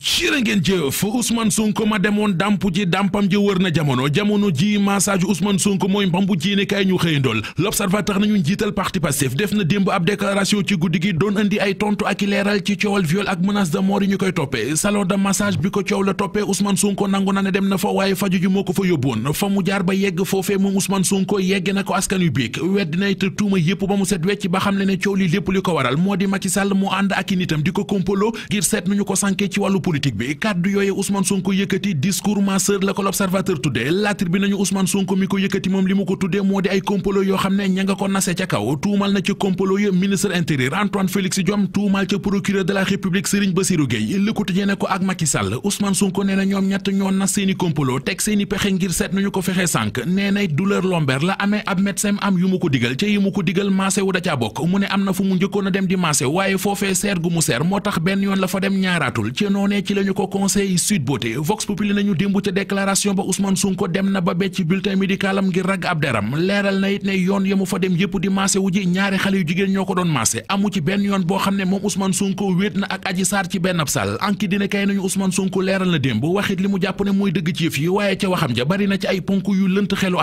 jërë ngeen jëf Ousmane Sonko ma demoon dampu ji dampam ji wër na jamono jamono ji massage Ousmane Sonko mooy mbambu jiine kay ñu xëyandool l'observateur nañu njiital parti Pastef def na démb ab déclaration ci guddi gi doon andi ay tontu ak i leeral ci coowal viol ak menace de mort yi ñu koy toppee salon de massage bi ko coow la toppee Ousmane Sonko nangu na ne dem na fa waaye faju ji moo ko fa yóbboon fa mu jaar ba yegg foofee moom Ousmane Sonko yegg na ko askan yu yëpp ba mu set wecc xam ne ne coow lépp li ko waral moo di Macky Sall mu ànd i ko kompolo ngir seet nañu ko sànke ci wàllu politique bi kàddu yooye Ousmane Sonko yëkkati discours la ko l'observateur tuddee la tribune nañu Ousmane Sonko mi ko yëkkati moom li mu ko tuddee moo di ay complot yoo xam ne ña ko nase ca kaw tuumal na ca complot ya ministre intérieur Antoine Félix Diome tuumal ca procureur de la République Serigne Bassirou Gueye Le Quotidien ne ko ak Macky Sall Ousmane Sonko nee na ñett ñoo nas seeni complot teg seeni pexe ngir seet nañu ko fexe sànk nee nay douleur lombaire noonee ci la ñu ko conseil sud beauté vox populi nañu démb ca déclaration ba Ousmane Sonko dem na ba becc bulletin médical am ngir rag ab deram leeral na it ne yoon ya fa dem yëpp di maase wu ji ñaari xale yu jigéen ñoo ko doon maase amu ci benn yoon boo xam ne moom Ousmane Sonko wéet na ak Adji Sarr ci benn ab sal anki dina kay nañu Ousmane Sonko leeral na démb waxit li mu jàpp ne mooy dëgg ci yëf yi waaye ca waxam ja bari na ay ponk yu lënt xelu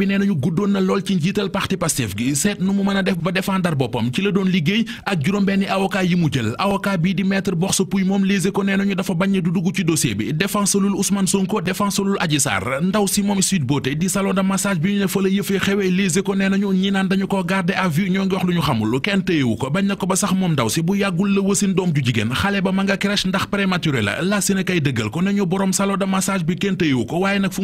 bi nee nañu guddoon na lool ci njiital parti Pastef gi seet nu mu mën a def ba défendre boppam ci la doon liggéey ak juróom-benni avocat yi mu jël avocat bii di maître Bourse Pouye moom moom Sweet Beauté nee nañu dañu ko garder à ñoo ngi wax lu ñu xamul kenn téyewu ko bañ na ko ba sax moom ndaw si bu yàggul la wasin doom ju jigéen xale ba ma nga crèche ndax prématuré la la si dëggal ko nañu borom salon de massage bi kenn téyewu ko waaye nag fu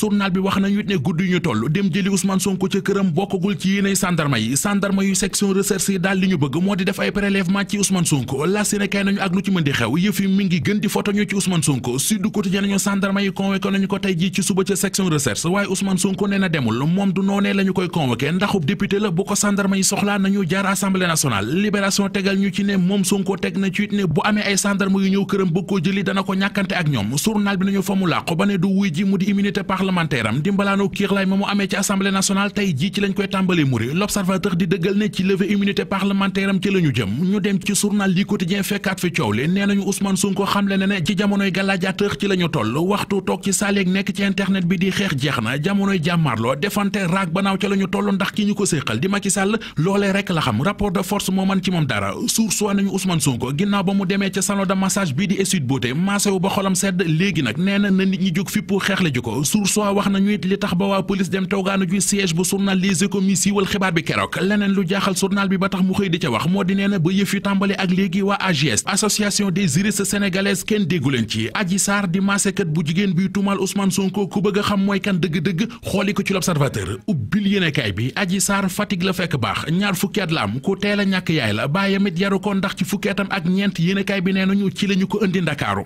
journal bi wax nañu ne guddi ñu toll dem jëli Ousmane Sonko ca këram bokkagul ci yéenay sandarma yi sandarma yu section recherche yi daal li ñu bëgg moo di def ay prélèvement ci Ousmane Sonko la Sénégal nañu ak yi mi ngi gën di photo ñu ci Ousmane Sonko Sud Quotidien nañu sandarma ko tey ji ci suba ca section recherche waaye Ousmane Sonko nee na demul moom du noonee la ñu koy convoqué ndaxub député la bu ko sandarma yi soxlaa nañu jaar assemblée nationale libération tegal ñu ci ne moom Sonko teg na wit ne bu amee ay sandarma yu ñëw këram bokkoo jëli dana ko ñàkkante ak ñoom journal bi nañu fa mu làqu parlementaire am dimbalaanoo kiirlaay ma mu amee ci assemblée nationale tey jii ci lañ koy tàmbalee muri l'observateur di dëggal ne ci levée immunité parlementaire ci la jëm ñu dem ci journal li quotidien fekkaat fi coow li nee nañu Ousmane Sonko xamle ne ne ci jamonoy galaajateur ci la toll waxtu toog ci saaleeg nekk ci internet bi di xeex jeex na jamonoy jàmmaarloo defante raag banaaw ca la toll ndax ki ñu ko séqal di Macky ci moom dara suur François wax nañu it li tax ba waa police dem toogaanu ju siège bu journal Les Échos mi siiwal xibaar bi keroog leneen lu jaaxal journal bi ba tax mu xëy di ca wax moo di nee na ba yëf yu tàmbale ak léegi waa AGS association des juristes sénégalaises kenn dégguleen ci aji Sarr di maasekat bu jigéen bi tuumaal Ousmane Sonko ku bëgg xam mooy kan dëgg-dëgg xooli ko ci l'observateur ubbil yéenekaay bi Adji Sarr Fatick la fekk baax ñaar fukkeet la am ku teel a ñàkk yaay la baayam it ko ndax ci fukki ak ñeent yéenekaay bi nee nañu ci lañu ko indi Ndakaaru